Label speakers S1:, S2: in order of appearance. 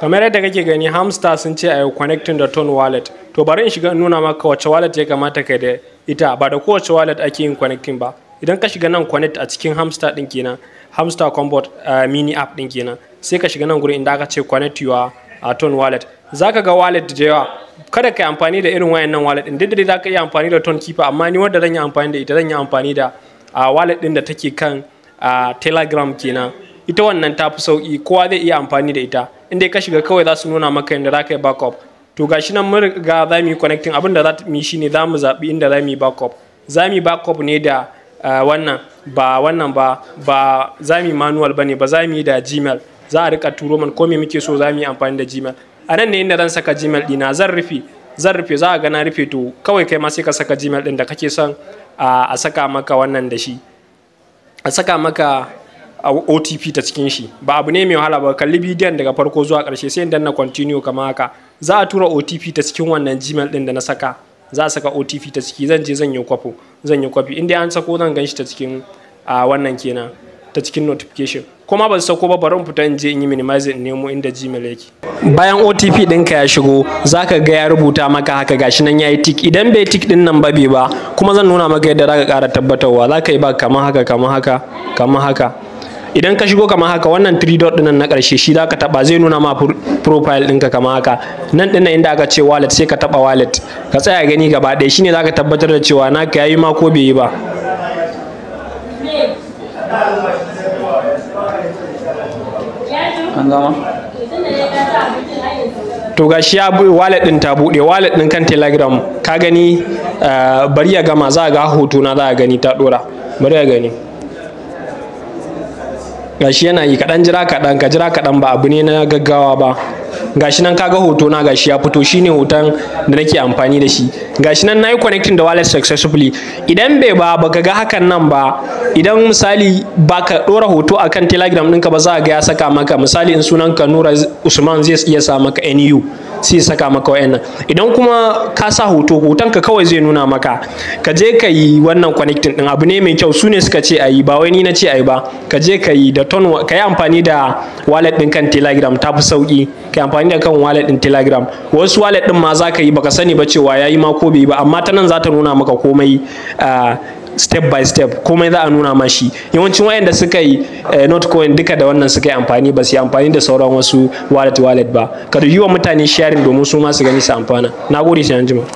S1: kamar yadda kake gani hamster sun ce a yi connecting da tone wallet to bari in shiga nuna maka wacce wallet ya kamata kai da ita ba da kowace wallet ake yin connecting ba idan ka shiga nan connect a cikin hamster din kenan hamster combo eh, mini app din kenan sai ka shiga nan gurin inda aka ce connect your a eh, tone wallet zaka ga wallet da yawa kada ka yi amfani da irin wayannan wallet din duk da za ka yi amfani da tone keeper amma ni wanda zan yi amfani da ita zan yi amfani da eh, wallet din da take kan telegram kenan ita wannan ta fi sauki kowa zai iya amfani da ita inda ka shiga kawai za su nuna maka yadda za ka yi backup to ga shi nan mun riga za mu yi connecting abin da za mu yi shine za mu zaɓi inda za mu yi backup za mu yi backup ne da eh, wannan ba wannan ba ba za mu yi manual ba ne ba za mu yi da gmail za a rika turo man ko me muke so za mu yi amfani da gmail a nan ne inda zan saka gmail dina zan rufe zan rufe za a ga na rufe to kawai kai ma sai ka saka gmail din da kake son ah, a saka maka wannan da shi a saka maka A OTP ta cikin shi ba abu ne mai wahala ba kalli bidiyon daga farko zuwa ƙarshe sai dan na continue kama haka za a tura OTP ta cikin wannan Gmail din da na saka za a saka OTP ta ciki zan je zan yi kwafo zan yi kwafi inda an sako zan gan shi ta cikin a wannan kenan ta cikin notification kuma ban sako ba bari fita in je in yi minimize in nemo inda Gmail yake bayan OTP ɗinka ya shigo zaka ga ya rubuta maka haka gashi nan yayi tik idan bai tik din nan ba bai ba kuma zan nuna maka yadda zaka ƙara tabbatarwa zaka yi ba kamar haka kamar haka kamar haka idan ka shigo kamar haka wannan 3 dot dinnan na karshe shi zaka taba zai nuna ma profile ɗinka kamar haka nan dinnan inda aka ce wallet sai ka taba wallet ka tsaya gani gaba ɗaya shine zaka tabbatar da cewa naka yayi ma ko bai yi ba an gama to ga shi ya buɗe wallet ɗin ta buɗe wallet ɗin kan telegram ka gani eh, bari ya gama za ga hoto na za a gani ta ɗora bari ya gani gashi yana yi kaɗan jira kaɗan ka jira kaɗan ba abu ne na gaggawa ba gashi nan kaga hoto na gashi ya fito shine hoton da nake amfani da shi gashi nan nayi connecting da wallet successfully idan bai ba baka ga hakan nan ba idan misali baka dora hoto akan telegram ɗinka ba za ga ya saka maka misali in sunan ka Nura Usman zai iya sa maka NU sai saka maka wayannan idan kuma ka sa hoto hoton ka kawai zai nuna maka ka je ka yi wannan connecting din abu ne mai kyau su ne suka ce a yi ba wai ni na ce a yi ba ka je ka yi da ton ka yi amfani da wallet din kan telegram ta fi sauki ka yi amfani da kan wallet din telegram wasu wallet din ma za ka yi baka sani ba cewa ya yi ma ko bai ba amma ta nan za ta nuna maka komai ah, step by step komai za a nuna mashi shi yawancin wayanda suka yi eh, not notcoin duka da wannan suka yi amfani ba su yi amfani da sauran wasu wallet wallet ba ka yi wa mutane sharing domin su ma su gani su amfana na gode sai anjima